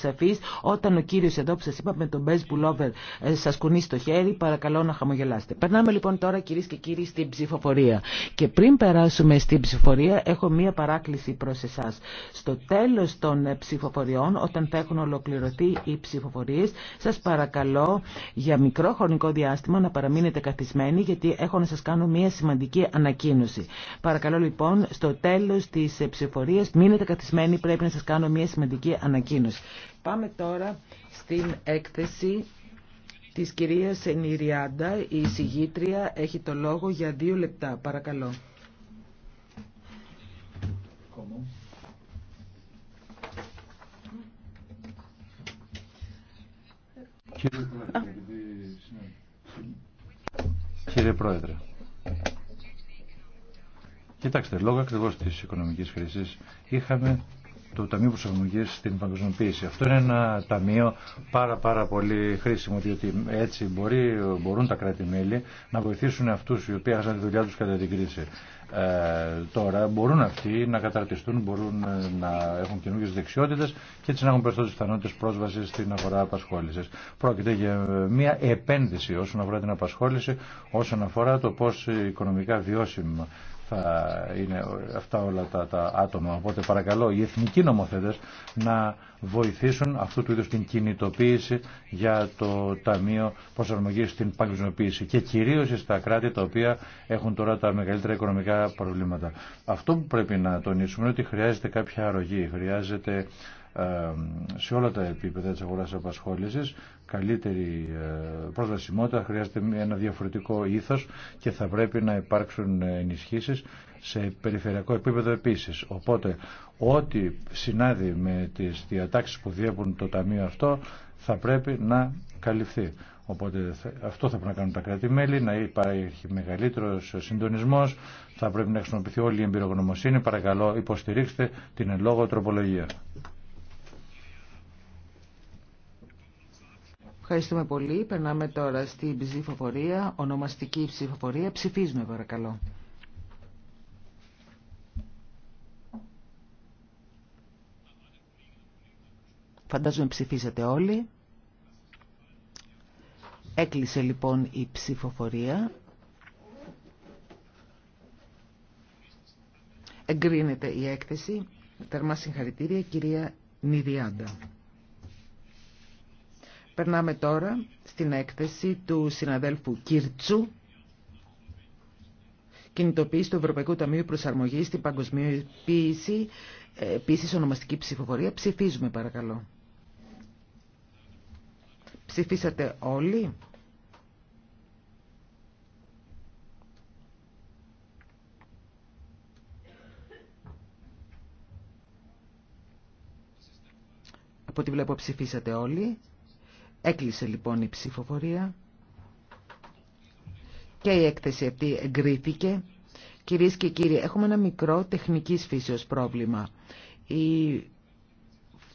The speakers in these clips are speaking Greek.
σαφή. Όταν ο κύριο εδώ που σα είπα με τον Μπέζ Πουλόβερ σα κουνεί στο χέρι, παρακαλώ να χαμογελάσετε. Περνάμε λοιπόν τώρα κυρίε και κύριοι στην ψηφοφορία. Και πριν περάσουμε στην ψηφοφορία έχω μία παράκληση ανακοίνωση. Παρακαλώ λοιπόν, Στο τελο των ε, ψηφοφοριών, όταν θα έχουν ολοκληρωθεί οι ψηφοφοριε σα παρακαλώ για μικρό χρονικό διάστημα να παραμείνετε καθισμένοι γιατί έχω να σα κάνω μία σημαντική ανακοίνωση. Παρακαλώ λοιπόν στο τελο τη ε, ψηφοφορία μείνετε καθισμένοι πρέπει να σα κάνω μία σημαντική ανακοίνωση. Πάμε τώρα στην έκθεση της κυρίας Ενιριάντα. Η συγγήτρια έχει το λόγο για δύο λεπτά. Παρακαλώ. Κύριε Πρόεδρε, κοιτάξτε, λόγω ακριβώ τη οικονομική κρίση είχαμε το Ταμείο Προσαρμογή στην Παγκοσμιοποίηση. Αυτό είναι ένα ταμείο πάρα πάρα πολύ χρήσιμο, διότι έτσι μπορεί, μπορούν τα κράτη-μέλη να βοηθήσουν αυτού οι οποίοι έχασαν τη δουλειά του κατά την κρίση. Ε, τώρα μπορούν αυτοί να καταρτιστούν, μπορούν ε, να έχουν καινούργιε δεξιότητε και έτσι να έχουν περισσότερε πιθανότητε πρόσβαση στην αγορά απασχόληση. Πρόκειται για ε, μια επένδυση όσον αφορά την απασχόληση, όσον αφορά το πώ οικονομικά βιώσιμα θα είναι αυτά όλα τα, άτομα. Οπότε παρακαλώ οι εθνικοί νομοθέτες να βοηθήσουν αυτού του είδους την κινητοποίηση για το Ταμείο Προσαρμογής στην Παγκοσμιοποίηση και κυρίως στα κράτη τα οποία έχουν τώρα τα μεγαλύτερα οικονομικά προβλήματα. Αυτό που πρέπει να τονίσουμε είναι ότι χρειάζεται κάποια αρρωγή, χρειάζεται σε όλα τα επίπεδα της αγοράς απασχόλησης καλύτερη ε, προσβασιμότητα, χρειάζεται ένα διαφορετικό ήθος και θα πρέπει να υπάρξουν ενισχύσεις σε περιφερειακό επίπεδο επίσης. Οπότε, ό,τι συνάδει με τις διατάξεις που διέπουν το Ταμείο αυτό, θα πρέπει να καλυφθεί. Οπότε αυτό θα πρέπει να κάνουν τα κράτη-μέλη, να υπάρχει μεγαλύτερο συντονισμό, θα πρέπει να χρησιμοποιηθεί όλη η εμπειρογνωμοσύνη. Παρακαλώ, υποστηρίξτε την εν τροπολογία. Ευχαριστούμε πολύ. Περνάμε τώρα στην ψηφοφορία, ονομαστική ψηφοφορία. Ψηφίζουμε παρακαλώ. Φαντάζομαι ψηφίσατε όλοι. Έκλεισε λοιπόν η ψηφοφορία. Εγκρίνεται η έκθεση. Τερμά συγχαρητήρια κυρία Νιδιάντα. Περνάμε τώρα στην έκθεση του συναδέλφου Κίρτσου κινητοποίηση του Ευρωπαϊκού Ταμείου Προσαρμογής στην παγκοσμιοποίηση, ε, επίση ονομαστική ψηφοφορία. Ψηφίζουμε παρακαλώ. Ψηφίσατε όλοι. Από ό,τι βλέπω ψηφίσατε όλοι. Έκλεισε λοιπόν η ψηφοφορία και η έκθεση αυτή εγκρίθηκε. Κυρίες και κύριοι, έχουμε ένα μικρό τεχνικής φύσεως πρόβλημα. Οι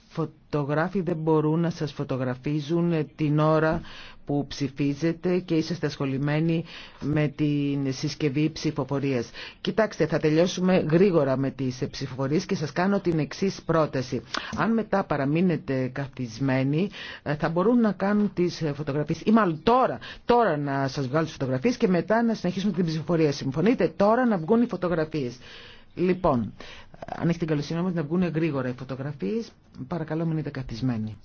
φωτογράφοι δεν μπορούν να σας φωτογραφίζουν την ώρα που ψηφίζετε και είσαστε ασχολημένοι με την συσκευή ψηφοφορία. Κοιτάξτε, θα τελειώσουμε γρήγορα με τι ψηφοφορίε και σα κάνω την εξή πρόταση. Αν μετά παραμείνετε καθισμένοι, ε, θα μπορούν να κάνουν τι φωτογραφίε, ή μάλλον τώρα, τώρα να σα βγάλουν τι φωτογραφίε και μετά να συνεχίσουμε την ψηφοφορία. Συμφωνείτε τώρα να βγουν οι φωτογραφίε. Λοιπόν, αν έχει την καλοσύνη να βγουν γρήγορα οι φωτογραφίες, παρακαλώ μείνετε καθισμένοι.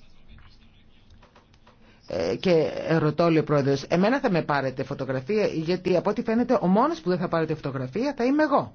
Ε, και ρωτώ λέει ο πρόεδρος, εμένα θα με πάρετε φωτογραφία γιατί από ό,τι φαίνεται ο μόνος που δεν θα πάρετε φωτογραφία θα είμαι εγώ.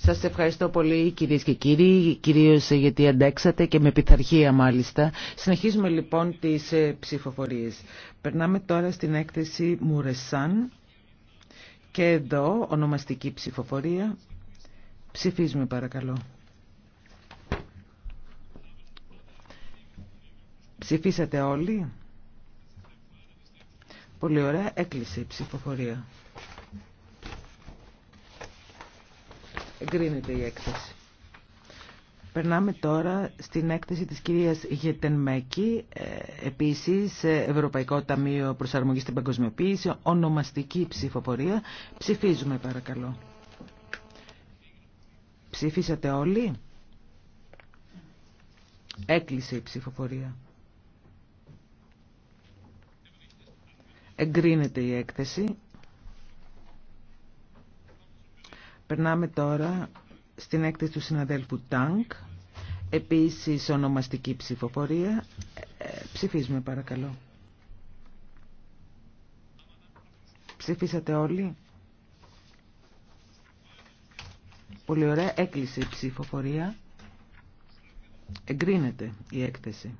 Σας ευχαριστώ πολύ κυρίες και κύριοι, κυρίως γιατί αντέξατε και με πειθαρχία μάλιστα. Συνεχίζουμε λοιπόν τις ε, ψηφοφορίες. Περνάμε τώρα στην έκθεση Μουρεσάν και εδώ ονομαστική ψηφοφορία. Ψηφίζουμε παρακαλώ. Ψηφίσατε όλοι. Πολύ ωραία. Έκλεισε η ψηφοφορία. Εγκρίνεται η έκθεση. Περνάμε τώρα στην έκθεση της κυρίας Γετενμέκη, ε, επίσης ε, Ευρωπαϊκό Ταμείο Προσαρμογής στην Παγκοσμιοποίηση, ονομαστική ψηφοφορία. Ψηφίζουμε παρακαλώ. Ψηφίσατε όλοι. Έκλεισε η ψηφοφορία. Εγκρίνεται η έκθεση. Περνάμε τώρα στην έκθεση του συναδέλφου Τάνκ. Επίσης ονομαστική ψηφοφορία. Ε, ε, ψηφίζουμε παρακαλώ. Ψηφίσατε όλοι. Πολύ ωραία. Έκλεισε η ψηφοφορία. Εγκρίνεται η έκθεση.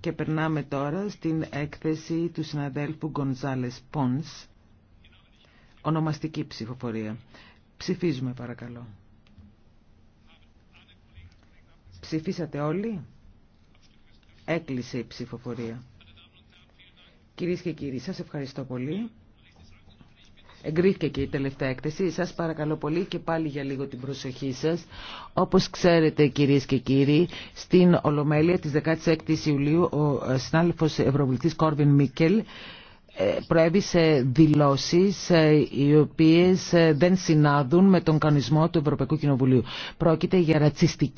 Και περνάμε τώρα στην έκθεση του συναδέλφου Γκονζάλες Πόνς. Ονομαστική ψηφοφορία. Ψηφίζουμε παρακαλώ. Ψηφίσατε όλοι. Έκλεισε η ψηφοφορία. Κυρίες και κύριοι, σας ευχαριστώ πολύ. Εγκρίθηκε και η τελευταία έκθεση. Σας παρακαλώ πολύ και πάλι για λίγο την προσοχή σας. Όπως ξέρετε κυρίες και κύριοι, στην Ολομέλεια της 16 η Ιουλίου ο ε, συνάδελφος Ευρωβουλευτής Κόρβιν Μίκελ ε, προέβησε δηλώσεις ε, οι οποίες δεν συνάδουν με τον κανονισμό του Ευρωπαϊκού Κοινοβουλίου. Πρόκειται για ρατσιστική